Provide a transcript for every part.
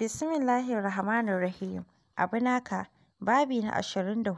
Bismillahir Rahmanir Rahim. Abu naka, babi na 24.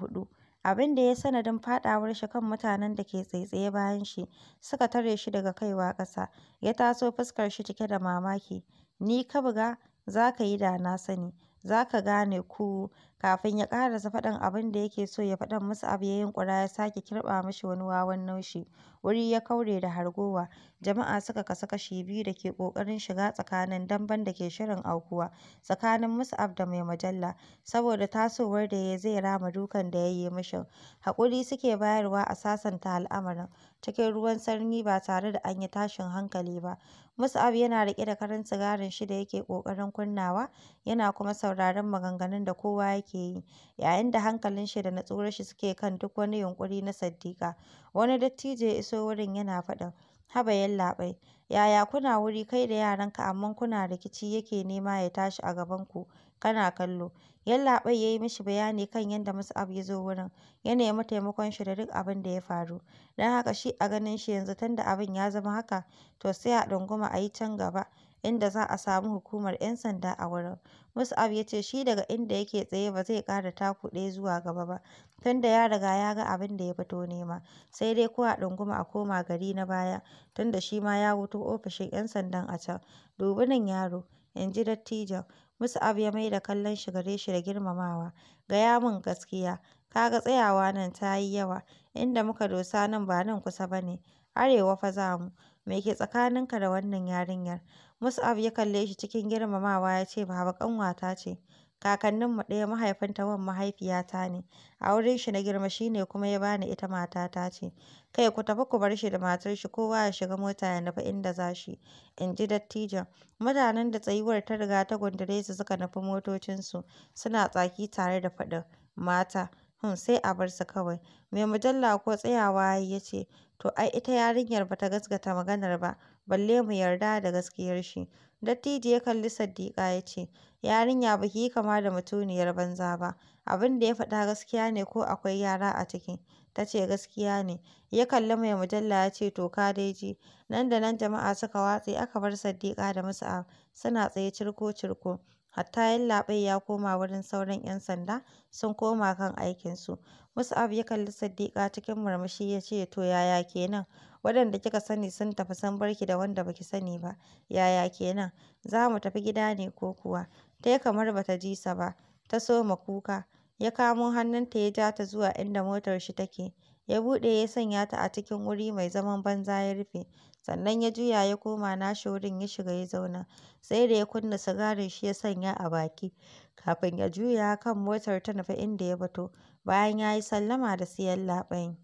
Abin da ya sanadin faɗawar shi kan mutanen da ke tsaitsaye bayan shi suka tare shi daga kaiwa ƙasa, ya taso fuskar shi cike da mamaki. Ni ka buga, za ka yi da na sani, za ka gane ku Kafin ya ƙarasa faɗin abin da yake so ya faɗan musu abu ya yunƙura ya sake kirɓa mashi wani wawan naushi. Wuri ya kaure da hargowa. Jama'a suka kasu kashi biyu da ke ƙoƙarin shiga tsakanin damben da ke shirin aukuwa tsakanin Mus'ab da mai mujalla, saboda tasowar da ya yi zai rama dukan da ya yi mishin. Haƙuri suke bayarwa a sasanta al'amarin, cikin ruwan sanyi ba tare da an yi tashin hankali ba. Mus'ab yana riƙe da karan sigarin shi da yake ƙoƙarin kunnawa, yana kuma sauraron maganganun da kowa yake ake yi, yayin da hankalin shi da natsuwar shi suke kan duk wani yunƙuri na Siddiƙa. Wani dattijo ya iso wurin yana faɗin, haba yallaɓai, yaya kuna wuri kai da yaranka amma kuna rikici yake nema ya tashi a gaban ku kana kallo. Yallaɓai ya yi mishi bayani kan yadda Mus'ab ya zo wurin, ya nemi taimakon shi da duk abin da ya faru. Don haka shi a ganin shi yanzu tunda abin ya zama haka, to sai a ɗunguma a yi can gaba. inda za a samu hukumar ‘yan sanda a wurin. Mus'ab ya ce shi daga inda yake tsaye ba zai kara taku ɗaya zuwa gaba ba, tunda ya riga ya ga abin da ya fito nema, sai dai ko a ɗunguma a koma gari na baya, tunda shi ma ya wuto ofishin ‘yan sandan a can. Dubi nan yaro, in ji dattijon. Mus'ab ya maida kallon shi gare shi da girmamawa. Gaya min gaskiya, ka ga tsayawa nan ta yi yawa. inda muka dosa nan ba nan kusa ba ne, arewa fa za mu, me ke tsakaninka da wannan yarinyar? Mus'ab ya kalle shi cikin girmamawa ya ce Baba ƙanwata ce, kakanninmu ɗaya mahaifinta wan mahaifiyata ne, a wurin shi na girma shi ne kuma ya bani ita matata ce, kai ku tafi ku bar shi da matar shi kowa ya shiga mota ya nufi inda za shi, in ji dattijon. Mutanen da tsayuwar ta riga ta gundure su suka nufi motocinsu, suna tsaki tare da faɗin mata Hmm, sai a bar su kawai. Mai mujalla ko tsayawa ya yace. ce, to ai ita yarinyar bata ta gaskata maganar ba, balle mu yarda da gaskiyar shi. Dattijo ya kalli Saddiƙa ya ce, yarinya ba ki yi kama da mutuniyar banza ba. Abin da ya faɗa gaskiya ne ko akwai yara a ciki? Ta ce gaskiya ne. Ya kalli mai mujalla ya ce to ka dai ji. Nan da nan jama'a suka watse aka bar Saddiƙa da Mus'ab suna tsaye cirko-cirko. hatta Yallaɓai ya koma wurin sauran 'yan sanda, sun koma kan aikinsu. Mus'ab ya kalli Siddiƙa cikin murmushi ya ce, to yaya kenan? Waɗanda kika sani sun tafi sun barki da wanda baki sani ba, yaya kenan? Za mu tafi gida ne ko kuwa? Ta kamar ba ta ji sa ba, ta soma kuka. Ya kamo hannunta ya ja ta zuwa inda motar shi take. ya buɗe ya sanya ta a cikin wuri mai zaman banza ya rufe, sannan ya juya ya koma nashi wurin ya shiga ya zauna, sai da ya kunna sigarin shi ya sanya a baki, kafin ya juya kan motar ta nufi inda ya fito, bayan ya yi sallama da siyan laɓai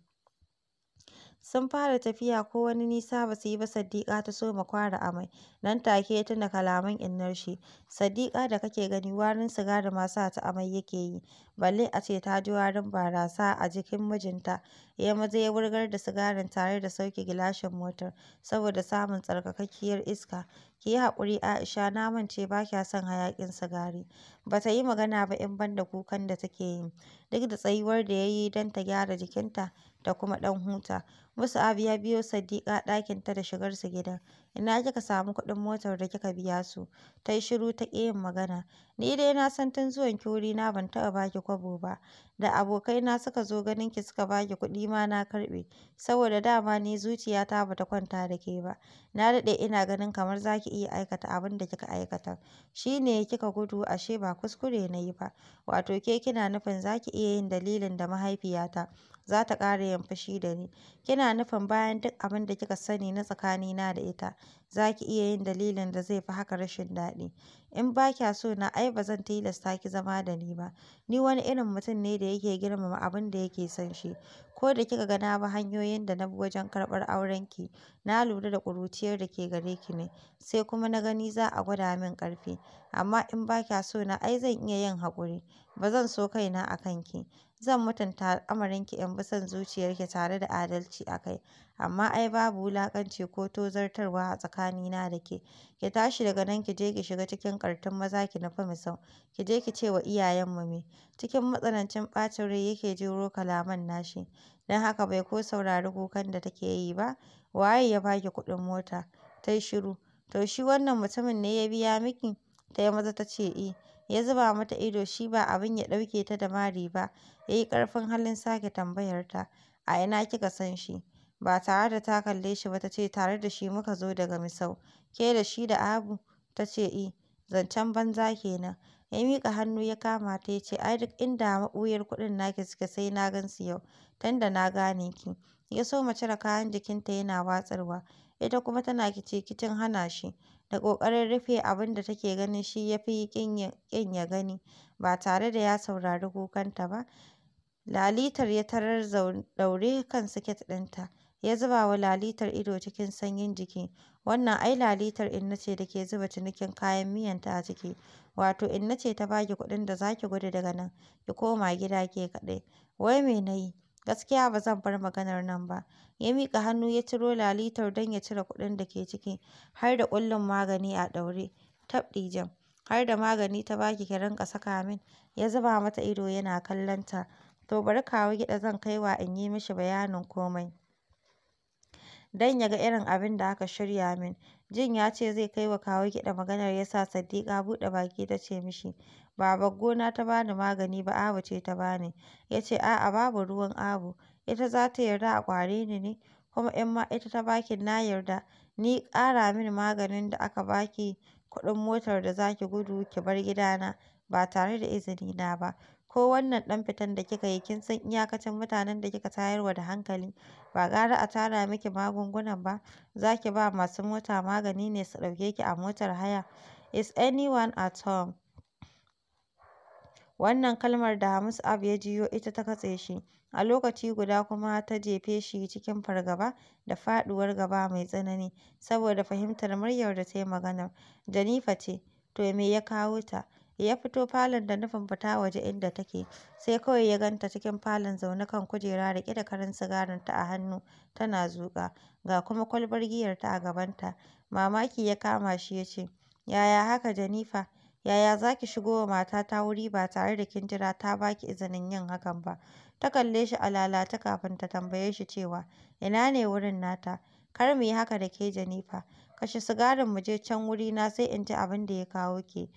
Sun fara tafiya ko wani nisa ba su yi ba sadiƙa ta soma kwara amai, Nan take ya tuna kalaman innar shi, Sadiƙa da kake gani warin sigari ma sa ta amai yake yi, balle a ce ta ji warin barasa a jikin mijinta. Ya maza ya wurgar da sigarin tare da sauke gilashin motar, saboda samun tsarkakakkiyar iska. Ki yi haƙuri Aisha na mance ba kya son hayaƙin sigari. Ba ta yi magana ba in ban da kukan da take yi, duk da tsayuwar da ya yi don ta gyara jikinta da kuma ɗan huta. abu ya biyo Sadiƙa ɗakinta da shigarsu gidan. ina kika samu kuɗin motar da kika biya su? Ta yi shiru ta ƙi yin magana. Ni dai na san tun zuwan ki na ban taɓa baki kwabo ba. Da abokai na suka zo ganin ki suka baki kuɗi ma na karɓe, saboda dama ni zuciyata ba ta kwanta da ke ba. Na daɗe ina ganin kamar za ki iya aikata abin da kika aikata. Shi ne kika gudu ashe ba kuskure na yi ba, wato ke kina nufin za ki iya yin dalilin da mahaifiyata za ta ƙara yin fashi da ni. Kina nufin bayan duk abin da kika sani na tsakanina da ita, za ki iya yin dalilin da zai fi haka rashin daɗi. In ba kya so na ai ba zan tilasta ki zama da ni ba. Ni wani irin mutum ne da yake girmama abin da yake son shi. Ko da kika ga na bi hanyoyin da na bi wajen karɓar aurenki, na lura da ƙuruciyar da ke gare ki ne, sai kuma na gani za a gwada min ƙarfi. Amma in ba kya so na ai zan iya yin haƙuri. Ba zan so kaina a kanki. Zan mutunta al'amarinki in bi son zuciyarki tare da adalci a kai, amma ai babu wulaƙanci ko tozartarwa a tsakanina da ke. Ki tashi daga nan ki je ki shiga cikin ƙartin maza ki nufi Misau, ki je ki ce wa iyayenmu me. Cikin matsanancin ɓacin rai yake jero kalaman nashi, don haka bai ko saurari kukan da take yi ba. Waye ya baki kuɗin mota? Ta yi shiru. To shi wannan mutumin ne ya biya miki? Ta yi maza ta ce, I. Eh. ya zuba mata ido shi ba abin ya ɗauke ta da mari ba ya yi ƙarfin halin sake tambayar ta a ina kika san shi ba tare da ta kalle shi ba ta ce tare da shi muka zo daga misau ke da shi da abu ta ce i zancen banza kenan ya miƙa hannu ya kama ta ya ce ai duk inda maɓuyar kuɗin naki suke sai na gan su yau Tanda na gane ki ya so cire kayan jikinta yana watsarwa ita kuma tana kice kicin hana shi da ƙoƙarin rufe abin da take ganin shi ya fi ƙin ya gani ba tare da ya saurari kukanta ba. Lalitar ya tarar daure kan siket ɗinta, ya zuba wa lalitar ido cikin sanyin jiki. Wannan ai lalitar inna ce da ke zuba cinikin kayan miyanta a ciki, wato inna ce ta ba kuɗin da za ki gudu daga nan, ki koma gida ke kaɗai. Wai me na yi? Gaskiya ba zan bar maganar nan ba. Ya miƙa hannu ya ciro lalitar don ya cire kuɗin da ke ciki, har da ƙullun magani a ɗaure. Tab ɗijan, har da magani ta baki ki rinƙa saka min. Ya zuba mata ido yana kallon ta. To bari kawu Gida zan kai wa in yi mishi bayanin komai. don ya ga irin abin da aka shirya min. Jin ya ce zai kai wa Kawu Gida maganar ya sa Saddika buɗe baki ta ce mishi, Baba gona ta bani magani ba Abu ce ta bani. ni. Ya ce a'a babu ruwan Abu, ita za ta yarda a ƙware ni ne, kuma in ma ita ta baki na yarda, ni ƙara min maganin da aka ba ki kuɗin motar da za ki gudu ki bar gidana ba tare da izini na ba. ko wannan ɗan fitan da kika yi kin san iyakacin mutanen da kika tayarwa da hankali ba gara a tara miki magungunan ba zaki ba masu mota magani ne su ɗauke ki a motar haya is anyone at home wannan kalmar da Hamis Ab ya jiyo ita ta katse shi a lokaci guda kuma ta jefe shi cikin fargaba da faɗuwar gaba mai tsanani saboda fahimtar muryar da ta yi maganar Jennifer ce to me ya kawo ta Ya fito falon da nufin fita waje inda take, sai kawai ya ganta cikin falon zaune kan kujera riƙe da karan ta a hannu tana zuƙa, ga kuma kwalbar giyarta a gabanta. Mamaki ya kama shi ya ce, “Yaya haka Jennifer? Yaya za ki shigo wa matata wuri ba tare da kin jira ta ba ki izinin yin hakan ba?” Ta kalle shi a lalace kafin ta tambaye shi cewa, “Ina ne wurin nata? Kar mu yi haka da ke Jennifer. Kashe sigarin mu je can wurina sai in ji abin da ya kawo ke.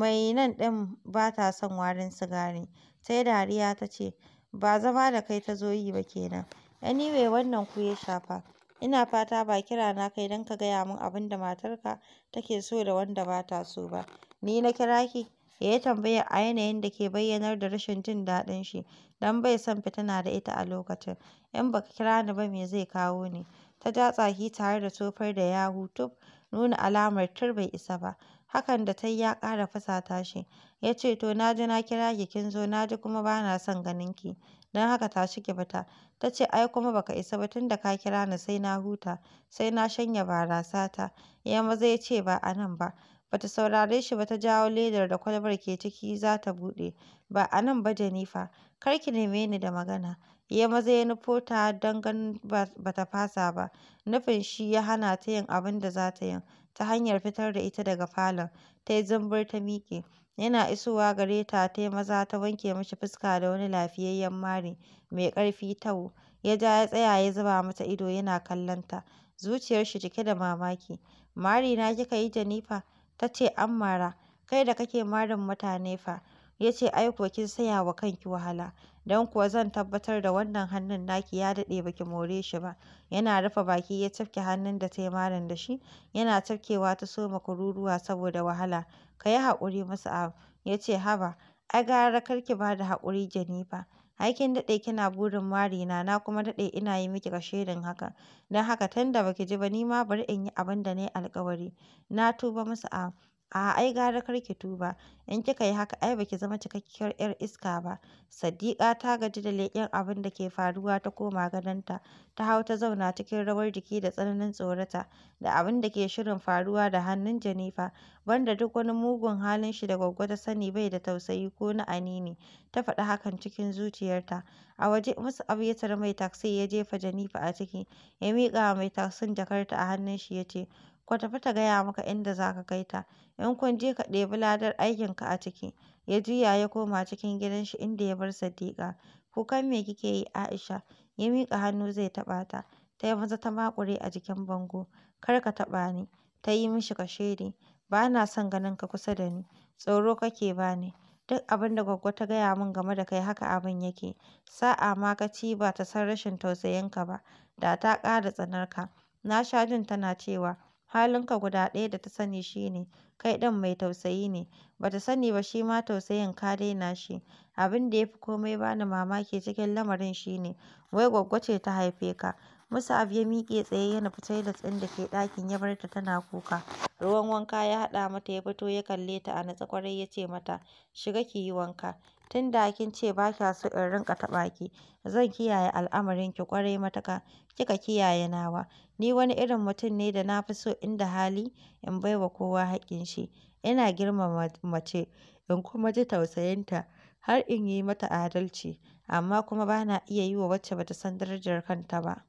Mai nan ɗin ba ta son warin sigari. Sai dariya ta ce, "Ba zama da kai ta zo yi ba kenan. nan. Anyway wannan ku ya shafa. Ina fata ba kira na kai don ka gaya mun abin da matarka take so da wanda ba ta so ba. Ni na kira ki?" ya yi tambaya a yanayin da ke bayyanar da rashin jin daɗin shi don bai son fitina da ita a lokacin. "In baka ka kira ni ba me zai kawo ni?" Ta ja tsaki tare da tofar da yahu tuf, nuna alamar tir bai isa ba. Hakan da ta yi ya ƙara fusata shi. Ya ce, To, na ji na kira ki kin zo, na ji kuma ba na son ganin ki, don haka tashi ki fita. Ta ce, Ai, kuma ba ka isa ba tun da ka kira ni sai na huta, sai na shanya barasa ta. Ya maza ya ce, Ba a nan ba. Ba ta saurare shi ba ta jawo ledar da kwalbar ke ciki za ta buɗe. Ba a nan ba Jennifer, kar ki neme ni da magana. Ya maza ya nufo ta don ganin ba ta fasa ba. Nufin shi ya hana ta yin abin da za ta yi. ta hanyar fitar da ita daga falon, ta yi zumbur ta miƙe. Yana isowa gare ta ta yi maza ta wanke mashi fuska da wani lafiyayyen mari mai ƙarfi tau. Ya ja ya tsaya ya zuba mata ido yana kallon ta, zuciyar shi cike da mamaki. "Mari na kika yi Jennifer?" ta ce "Ammara, kai da kake marin mutane fa." ya ce ai kuwa kin saya wa kanki wahala don kuwa zan tabbatar da wannan hannun naki ya daɗe baki more shi ba yana rufe baki ya cafke hannun da ta yi marin da shi yana cafkewa ta soma kururuwa saboda wahala ka yi haƙuri musa'ab ya ce haba ai gara kar ki ba da haƙuri jenifa ai kin daɗe kina burin marina na kuma daɗe ina yi miki kashedin haka don haka tunda baki ji ba ni ma bari in yi abin da na yi alƙawari na tuba musa'ab A'a ai gara kar ki tuba. in kika yi haka ai baki zama cikakkiyar 'yar iska ba. Sadiqa ta gaji da leƙen abin da ke faruwa ta koma gadonta, ta hau ta zauna cikin rawar jiki da tsananin tsorata da abin da ke shirin faruwa da hannun Jennifer, banda duk wani mugun halin shi da gwaggo ta sani bai da tausayi ko na anini, ta faɗi hakan cikin zuciyarta. A waje Mus'ab ya mai taksi ya jefa Jennifer a ciki, ya miƙa mai taksin jakarta a hannun shi ya ce. Ka tafi ta gaya maka inda za ka kai ta, in kun je ka ɗebi ladar aikinka a ciki. Ya juya ya koma cikin gidan shi inda ya bar Sadiqa. Kukan me kike yi Aisha? Ya miƙa hannu zai taɓa ta. Ta yi maza ta maƙure a jikin bango. Kar ka taɓa ni. Ta yi mishi kashedi. Ba na son ganin ka kusa da ni. Tsoro kake ba ni. Duk abin da Gwaggo ta gaya min game da kai haka abin yake. Sa'a ma ka ci ba ta san rashin tausayinka ba, da ta ƙara tsanarka. Na sha jin tana cewa halinka guda ɗaya da ta sani shi ne kai ɗin mai tausayi ne ba ta sani ba shi ma tausayin ka daina shi abin da ya fi komai bani mamaki cikin lamarin shi ne wai gwaggo ce ta haife ka musaf ya miƙe tsaye yana nufi toilet ɗin da ke ɗakin ya bar ta tana kuka. Ruwan wanka ya haɗa mata ya fito ya kalle ta a natse ƙwarai ya ce mata, shiga ki yi wanka. tun da kin ce ba kya so in rinƙa taɓa ki, zan kiyaye al'amarin ki ƙwarai matuƙa, kika kiyaye nawa. Ni wani irin mutum ne da na fi so inda hali in baiwa kowa haƙƙin shi. Ina girmama mace in kuma ji tausayinta har in yi mata adalci, amma kuma ba na iya yi wa wacce ba ta san darajar kanta ba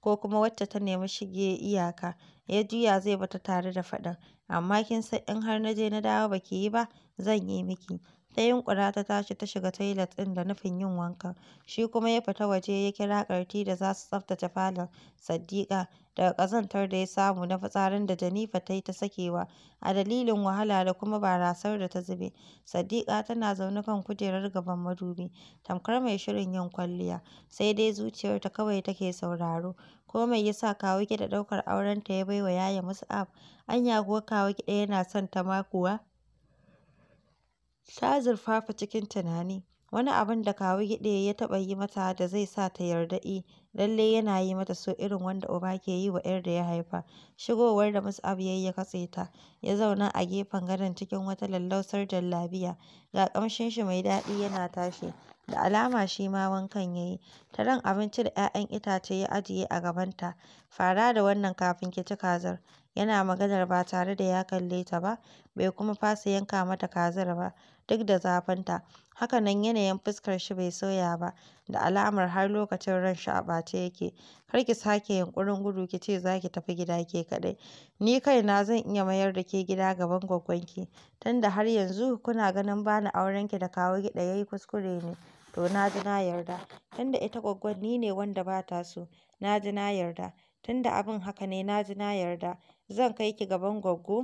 ko kuma wacce ta nemi shige iyaka. Ya juya zai bata tare da faɗan. amma kin san in har na je na dawo ba ki yi ba, zan yi miki. Ta yunƙura ta tashi ta shiga toilet ɗin da nufin yin wanka. shi kuma ya fita waje ya kira ƙarti da za su tsaftace falon Siddiƙa daga ƙazantar da ya samu na fitsarin da Jennifer ta yi ta sakewa a dalilin wahala da kuma barasar da ta zube. Siddiƙa tana zaune kan kujerar gaban madubi, tamkar mai shirin yin kwalliya, sai dai zuciyarta kawai take sauraro. Ko mai yasa sa ki da ɗaukar aurenta ya bai wa Yaya Mus'ab? Anya kuwa ki ɗaya yana son ta ma kuwa? Ta zurfafa cikin tunani, wani abun da Kawu ya taɓa yi mata da zai sa ta yarda eh, lallai yana yi mata so irin wanda uba ke yi wa 'yar da ya haifa. Shigowar da Mus'ab ya ya katse ta, ya zauna a gefen gadon cikin wata lallausar jallabiya, ga ƙamshin shi mai daɗi yana tashi, da alama shi ma wankan ya yi. ran abinci da 'ya'yan itace ya ajiye a gabanta, "fara da wannan kafin ki ci kazar." yana maganar ba tare da ya kalle ta ba, bai kuma fasa yanka mata kazar ba duk da zafinta. Haka nan yanayin fuskar shi bai sauya ba, da alamar har lokacin ran shi a ɓace yake. Kar ki sake yunƙurin gudu ki ce za ki tafi gida ke kaɗai. Ni kaina zan iya mayar da ke gida gaban ki tunda har yanzu kuna ganin bani auren aurenki da kawo Gida ya kuskure ne. To na ji na yarda, tunda ita gwaggon ni ne wanda ba ta so, na ji na yarda. Tunda abin haka ne na ji na yarda. zan kai ki gaban gwaggo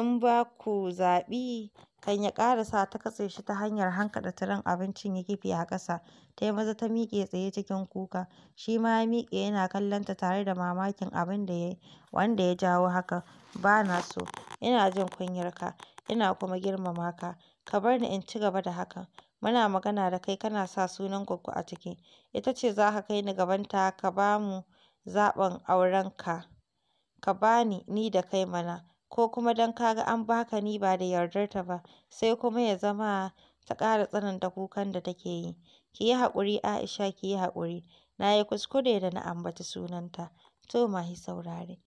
in ba ku zaɓi kan ya sa ta katse shi ta hanyar hankaɗa tiren abincin ya kife a ƙasa ta yi maza ta miƙe tsaye cikin kuka shi ma ya miƙe yana kallon ta tare da mamakin abin da ya yi wanda ya jawo haka, ba na so ina jin kunyar ka ina kuma girmama ka ka bar ni in ci gaba da hakan muna magana da kai kana sa sunan gwaggo a ciki ita ce za ka kai ni gaban ta, ka ba mu zaɓin aurenka ka ba ni ni da kai mana, ko kuma don ka ga an ba ni ba da yardarta ba, sai kuma ya zama ta ƙara tsananta kukan da take yi. Ki yi haƙuri Aisha ki yi haƙuri, na yi kuskure da na ambaci sunanta. To ma saurare.